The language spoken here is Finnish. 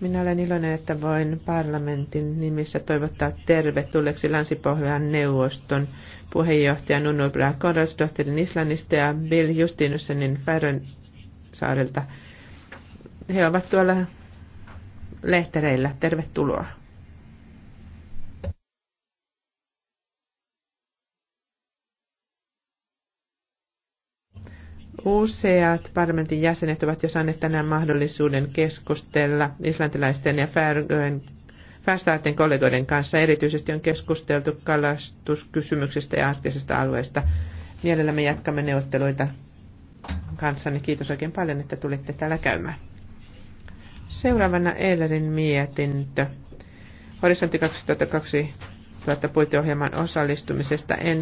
Minä olen iloinen, että voin parlamentin nimissä toivottaa tervetulleeksi Länsi-Pohjan neuvoston puheenjohtajan Unno Brakorasdohterin Islannista ja Bill Justinussenin Färön saarelta. He ovat tuolla lehtereillä. Tervetuloa. Useat parlamentin jäsenet ovat jo saaneet tänään mahdollisuuden keskustella islantilaisten ja Färöen Färsaarten kollegoiden kanssa. Erityisesti on keskusteltu kalastuskysymyksestä ja arktisesta alueesta. Mielellämme jatkamme neuvotteluita kanssanne. Kiitos oikein paljon, että tulitte täällä käymään. Seuraavana Eilerin mietintö. Horisontti 2020 puiteohjelman osallistumisesta en